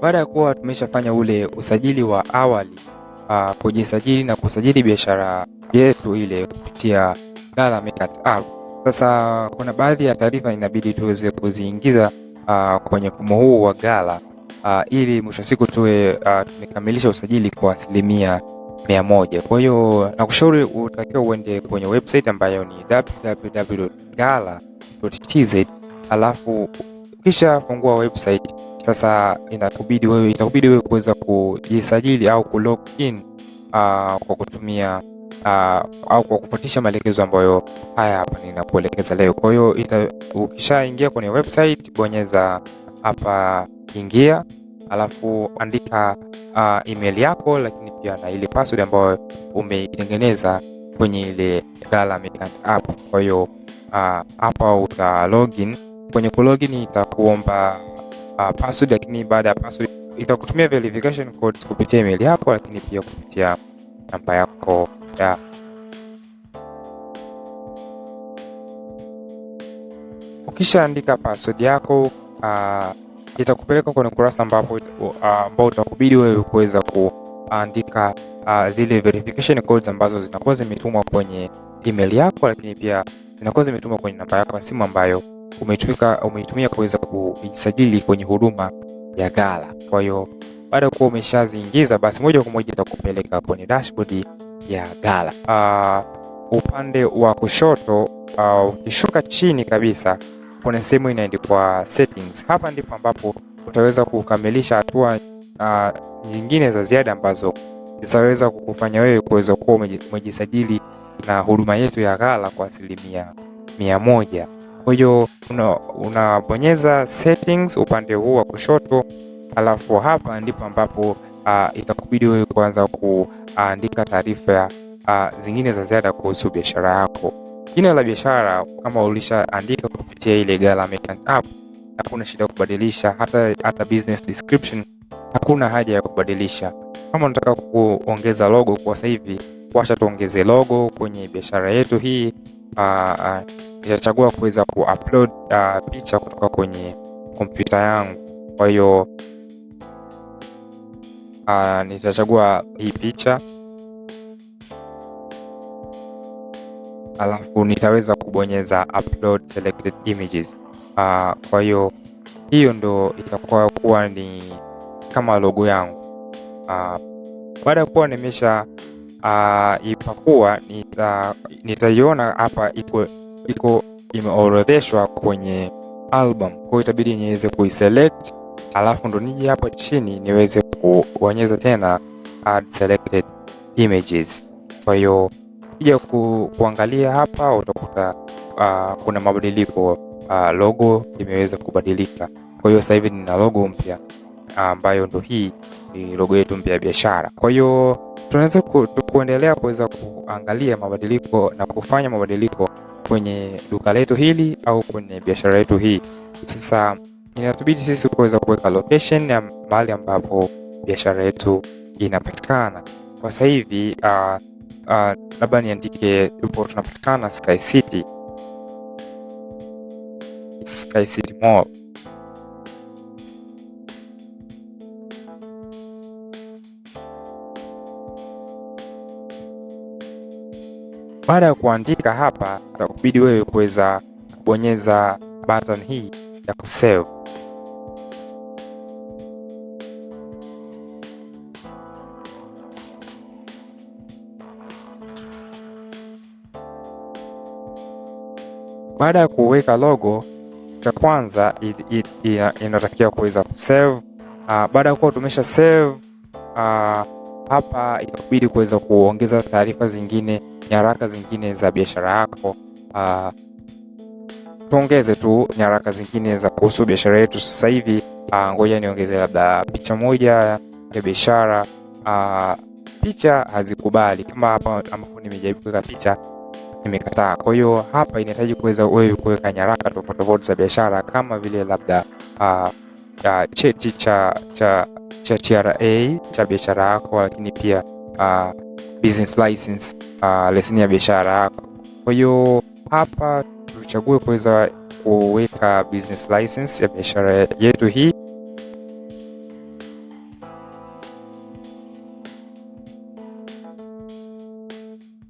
Baada ya kuwa tumeshafanya ule usajili wa awali uh, kujisajili na kusajili biashara yetu ile kupitia Dar Merchant App, sasa kuna baadhi ya taarifa inabidi tuweze kuziingiza uh, kwenye mfumo huu wa Ghala uh, ah, ili mwisho siku tuwe uh, tumekamilisha usajili kwa asilimia mia moja. Kwa hiyo nakushauri utakiwa uende kwenye website ambayo ni www.ghala.tz alafu kisha fungua website sasa inakubidi wewe, itakubidi wewe kuweza kujisajili au ku log in uh, kwa kutumia uh, au kwa kufuatisha maelekezo ambayo haya hapa ninakuelekeza leo. Kwa hiyo ukishaingia kwenye website, bonyeza hapa ingia, alafu andika uh, email yako, lakini pia na ile password ambayo umeitengeneza kwenye ile Ghala Merchant app. Kwa hiyo hapa uh, uta login. Kwenye kulogin itakuomba uh, password, lakini baada ya password itakutumia verification codes kupitia email yako, lakini pia kupitia namba yako ya ukishaandika password yako uh, itakupeleka kwenye kurasa ambapo uh, ambao uh, utakubidi wewe kuweza kuandika uh, zile verification codes ambazo zinakuwa zimetumwa kwenye email yako, lakini pia zinakuwa zimetumwa kwenye namba yako ya simu ambayo umeitumia umeitumia kuweza kujisajili kwenye huduma ya gala Kwa hiyo baada ya kuwa umeshaziingiza basi moja kwa moja itakupeleka kwenye dashboard ya Gala. Uh, upande wa kushoto ah, ukishuka uh, chini kabisa kuna sehemu inaandikwa settings. Hapa ndipo ambapo utaweza kukamilisha hatua uh, nyingine za ziada ambazo zitaweza kukufanya wewe kuweza kuwa umejisajili na huduma yetu ya gala kwa asilimia mia moja. Kwa hiyo unabonyeza settings upande huu wa kushoto, alafu hapa ndipo ambapo uh, itakubidi wewe kuanza kuandika taarifa uh, zingine za ziada kuhusu biashara yako. Jina la biashara kama ulishaandika kupitia ile Gala Merchant app, hakuna shida ya kubadilisha hata, hata business description hakuna haja ya kubadilisha. Kama unataka kuongeza logo kwa sasa hivi washa tuongeze logo kwenye biashara yetu hii. Ah, ah, nitachagua kuweza kuupload ah, picha kutoka kwenye kompyuta yangu, kwa hiyo nitachagua hii picha alafu nitaweza kubonyeza upload selected images. kwa hiyo hiyo ndo itakuwa kuwa ni kama logo yangu. baada ya kuwa nimesha uh, ipakuwa nitaiona nita hapa iko, iko imeorodheshwa kwenye album, kwa hiyo itabidi niweze kuiselect, alafu ndo niji hapo chini niweze kuonyeza tena add selected images. Kwa hiyo kija ku, kuangalia hapa utakuta uh, kuna mabadiliko uh, logo imeweza kubadilika. Kwa hiyo sasa hivi nina logo mpya ambayo uh, ndo hii ni logo yetu mpya ya biashara. Kwa hiyo tunaweza ku, kuendelea kuweza kuangalia mabadiliko na kufanya mabadiliko kwenye duka letu hili au kwenye biashara yetu hii. Sasa inatubidi sisi kuweza kuweka location ya mahali ambapo biashara yetu inapatikana kwa sasa hivi. Uh, uh, labda niandike tupo tunapatikana Sky City, Sky City Mall. Baada ya kuandika hapa, itakubidi wewe kuweza kubonyeza button hii ya kusave. Baada ya kuweka logo, cha kwanza inatakiwa kuweza kusave. Ah, baada ya kuwa tumesha save uh, hapa itakubidi kuweza kuongeza taarifa zingine, nyaraka zingine za biashara yako. Uh, tuongeze tu nyaraka zingine za kuhusu biashara yetu sasa hivi. Uh, ngoja niongeze labda picha moja ya biashara. Uh, picha hazikubali kama hapa ambapo nimejaribu kuweka picha nimekataa Kwa hiyo hapa inahitaji kuweza wewe kuweka nyaraka tofauti tofauti za biashara kama vile labda uh, uh, cheti cha cha cha TRA cha biashara yako, lakini pia uh, business license uh, leseni ya biashara yako. Kwa hiyo hapa tuchague kuweza kuweka business license ya biashara yetu hii.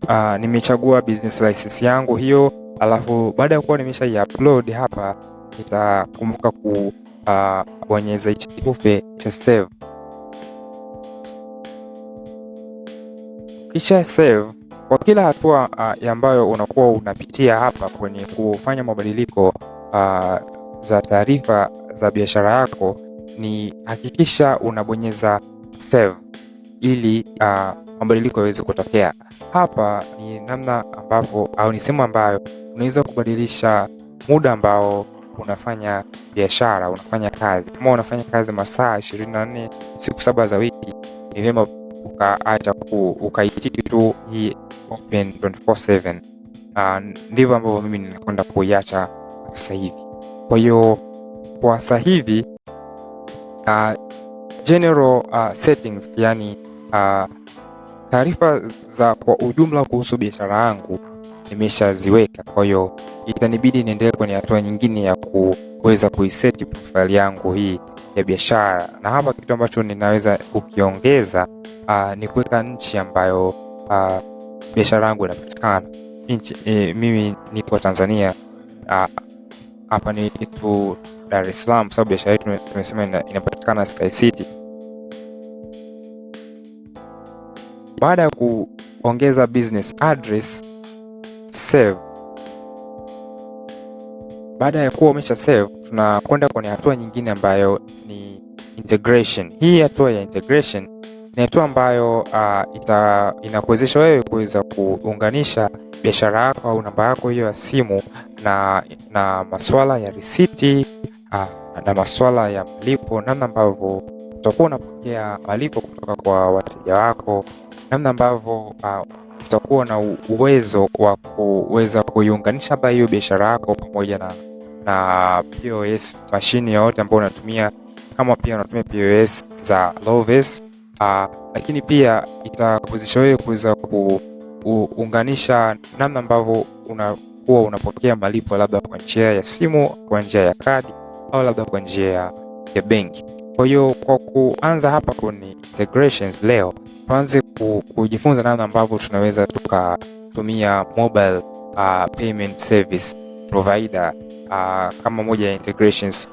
Uh, nimechagua business license yangu hiyo, alafu baada ya kuwa nimesha upload hapa, nitakumbuka ku uh, bonyeza cha save. Kisha save kwa kila hatua uh, ambayo unakuwa unapitia hapa kwenye kufanya mabadiliko uh, za taarifa za biashara yako, ni hakikisha unabonyeza save ili uh, mabadiliko yaweze kutokea. Hapa ni namna ambapo au ni sehemu ambayo unaweza kubadilisha muda ambao unafanya biashara, unafanya kazi, kama unafanya kazi masaa ishirini na nne siku saba za wiki, ni vyema ukaacha ukaitiki tu hii open 24/7. Ndivyo ambavyo mimi ninakwenda kuiacha sasa hivi. Kwa hiyo kwa sasa hivi uh, general uh, settings yani uh, taarifa za kwa ujumla kuhusu biashara yangu nimeshaziweka, kwa hiyo itanibidi niendelee kwenye hatua nyingine ya kuweza kuiseti profile yangu hii ya biashara. Na hapa kitu ambacho ninaweza kukiongeza ah, ni kuweka nchi ambayo ah, biashara yangu inapatikana. E, mimi niko Tanzania ah, hapa ni tu Dar es Salaam, sababu biashara yetu tumesema inapatikana Sky City. Baada ya kuongeza business address save. Baada ya kuwa umesha save, tunakwenda kwenye hatua nyingine ambayo ni integration. Hii hatua ya integration ni hatua ambayo uh, inakuwezesha wewe kuweza kuunganisha biashara yako au namba yako hiyo ya simu na, na masuala ya risiti uh, na masuala ya malipo, namna ambavyo utakuwa unapokea malipo kutoka kwa wateja wako, namna ambavyo uh, utakuwa na uwezo wa kuweza kuiunganisha hapa hiyo biashara yako pamoja na, na POS mashine yoyote ambayo unatumia kama pia unatumia POS za Loves, uh, ah, lakini pia itakuwezesha wewe kuweza kuunganisha namna ambavyo unakuwa unapokea malipo labda kwa njia ya simu, kwa njia ya kadi au labda kwa njia ya benki. Kwa hiyo kwa kuanza hapa kuni integrations leo tuanze kujifunza namna ambavyo tunaweza tukatumia mobile uh, payment service provider uh, kama moja ya integrations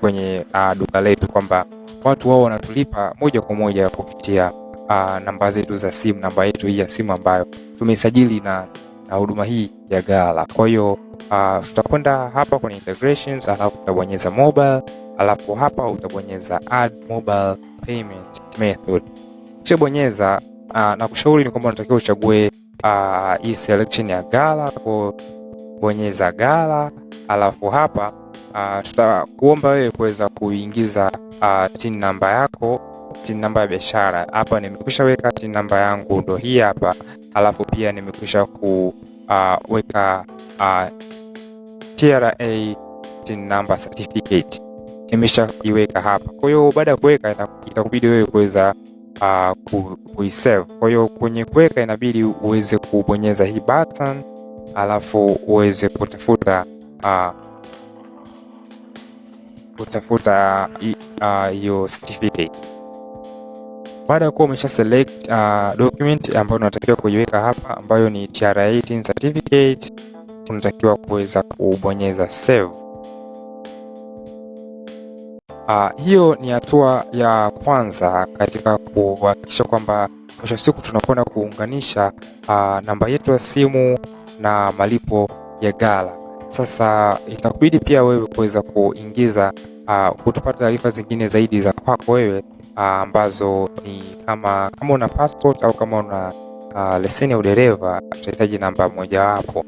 kwenye uh, duka letu kwamba watu wao wanatulipa moja kwa moja kupitia uh, namba zetu za simu, namba yetu hii ya simu ambayo tumeisajili na huduma hii ya gala Kwa hiyo uh, tutakwenda hapa kwenye integrations, alafu tutabonyeza mobile, alafu hapa utabonyeza add mobile payment method ukishabonyeza uh, na kushauri ni kwamba unatakiwa uchague uh, hii selection ya gala kwa bonyeza gala, alafu hapa uh, tutakuomba wewe kuweza kuingiza uh, TIN namba yako, TIN namba ya biashara. Hapa nimekwisha weka TIN namba yangu ndo hii hapa, alafu pia nimekwisha kuweka uh, uh, TRA TIN namba certificate nimesha iweka hapa. Kwa hiyo baada ya kuweka itakubidi wewe kuweza uh, kuisave. Kwa hiyo kwenye kuweka inabidi uweze kubonyeza hii button alafu uweze kutafuta uh, kutafuta uh, hiyo uh, certificate. Baada ya kuwa umesha select uh, document ambayo unatakiwa kuiweka hapa ambayo ni TRA 18 certificate, unatakiwa kuweza kubonyeza save. Uh, hiyo ni hatua ya kwanza katika kuhakikisha kwamba mwisho siku tunakwenda kuunganisha uh, namba yetu ya simu na malipo ya gala Sasa itakubidi pia wewe kuweza kuingiza uh, kutupata taarifa zingine zaidi za kwako wewe ambazo ni kama kama una passport au kama una uh, leseni ya udereva tutahitaji namba mojawapo.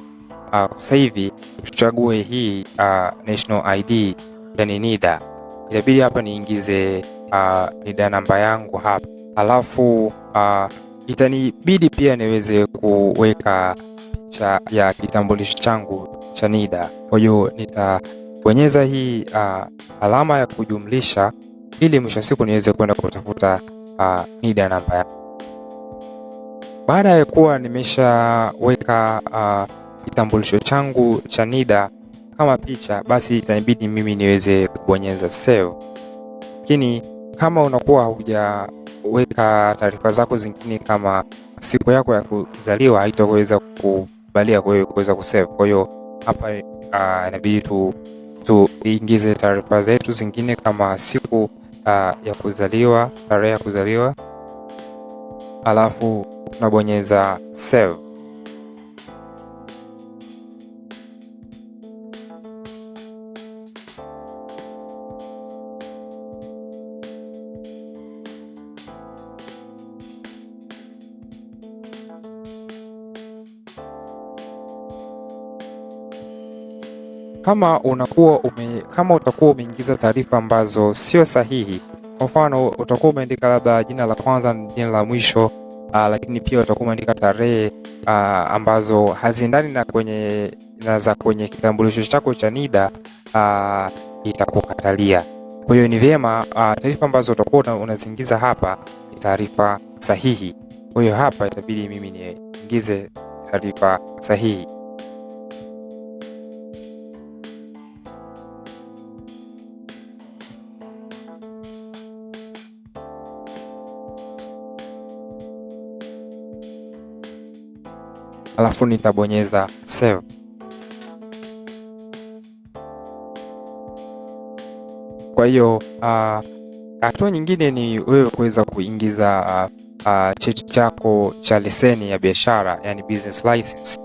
Kwa uh, sasa hivi tuchague hii uh, national ID yani NIDA itabidi hapa niingize uh, ah, nida namba yangu hapa alafu uh, itanibidi pia niweze kuweka picha ya kitambulisho changu cha NIDA. Kwa hiyo nitabonyeza hii uh, alama ya kujumlisha ili mwisho wa siku niweze kwenda kutafuta uh, NIDA namba yangu. Baada ya kuwa nimeshaweka uh, kitambulisho changu cha NIDA kama picha, basi itanibidi mimi niweze kubonyeza save. Lakini kama unakuwa hujaweka taarifa zako zingine kama siku yako ya kuzaliwa, haitaweza kukubalia kwa hiyo kuweza kusave. Kwa hiyo hapa ah, inabidi tu tuingize taarifa zetu zingine kama siku uh, ya kuzaliwa, tarehe ya kuzaliwa, alafu tunabonyeza save. kama unakuwa ume, kama utakuwa umeingiza taarifa ambazo sio sahihi. Kwa mfano utakuwa umeandika labda jina la kwanza na jina la mwisho uh, lakini pia utakuwa umeandika tarehe ah, ambazo haziendani na kwenye na za kwenye kitambulisho chako cha NIDA uh, itakukatalia. Kwa hiyo ni vyema taarifa ambazo utakuwa unaziingiza hapa ni taarifa sahihi. Kwa hiyo hapa itabidi mimi niingize taarifa sahihi. alafu nitabonyeza save. Kwa hiyo uh, hatua nyingine ni wewe kuweza kuingiza uh, uh, cheti chako cha leseni ya biashara yani business license,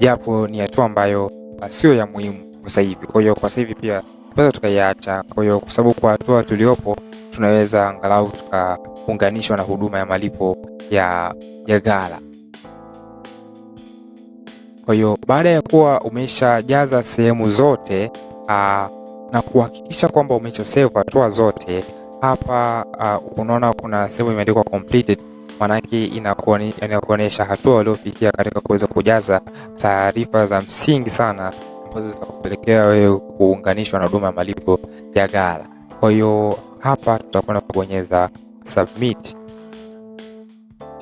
japo ni hatua ambayo uh, sio ya muhimu kwa sasa hivi. Kwa hiyo kwa sasa hivi pia tunaweza tukaiacha. Kwa hiyo kwa sababu kwa hatua tuliopo tunaweza angalau tukaunganishwa na huduma ya malipo ya, ya ghala. Kwa hiyo baada ya kuwa umeshajaza sehemu zote aa, ah, na kuhakikisha kwamba umesha save hatua zote hapa, ah, unaona kuna sehemu imeandikwa completed, maanake inakuonyesha hatua waliofikia katika kuweza kujaza taarifa za msingi sana ambazo zitakupelekea wewe kuunganishwa na huduma ya malipo ya Ghala. Kwa hiyo hapa tutakwenda kubonyeza submit,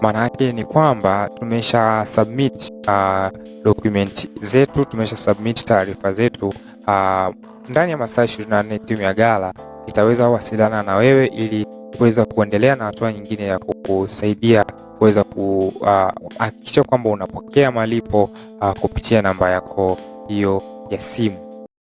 maana yake ni kwamba tumesha submit uh, document zetu, tumesha submit taarifa zetu uh, ndani ya masaa 24 timu ya gala itaweza kuwasiliana na wewe ili kuweza kuendelea na hatua nyingine ya kukusaidia kuweza kuhakikisha uh, kwamba unapokea malipo uh, kupitia namba yako hiyo ya simu.